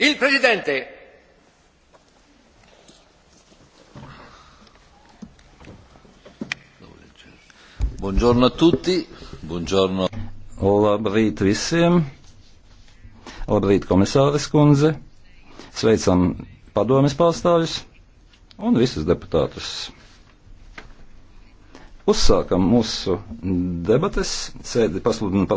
Il Presidente. Buongiorno a tutti, buongiorno. Labrīt visiem, labrīt komisāris kundze, sveicam padomjas pārstāvis un visus deputātus. Uzsākam mūsu debates, sēdi pasludinu par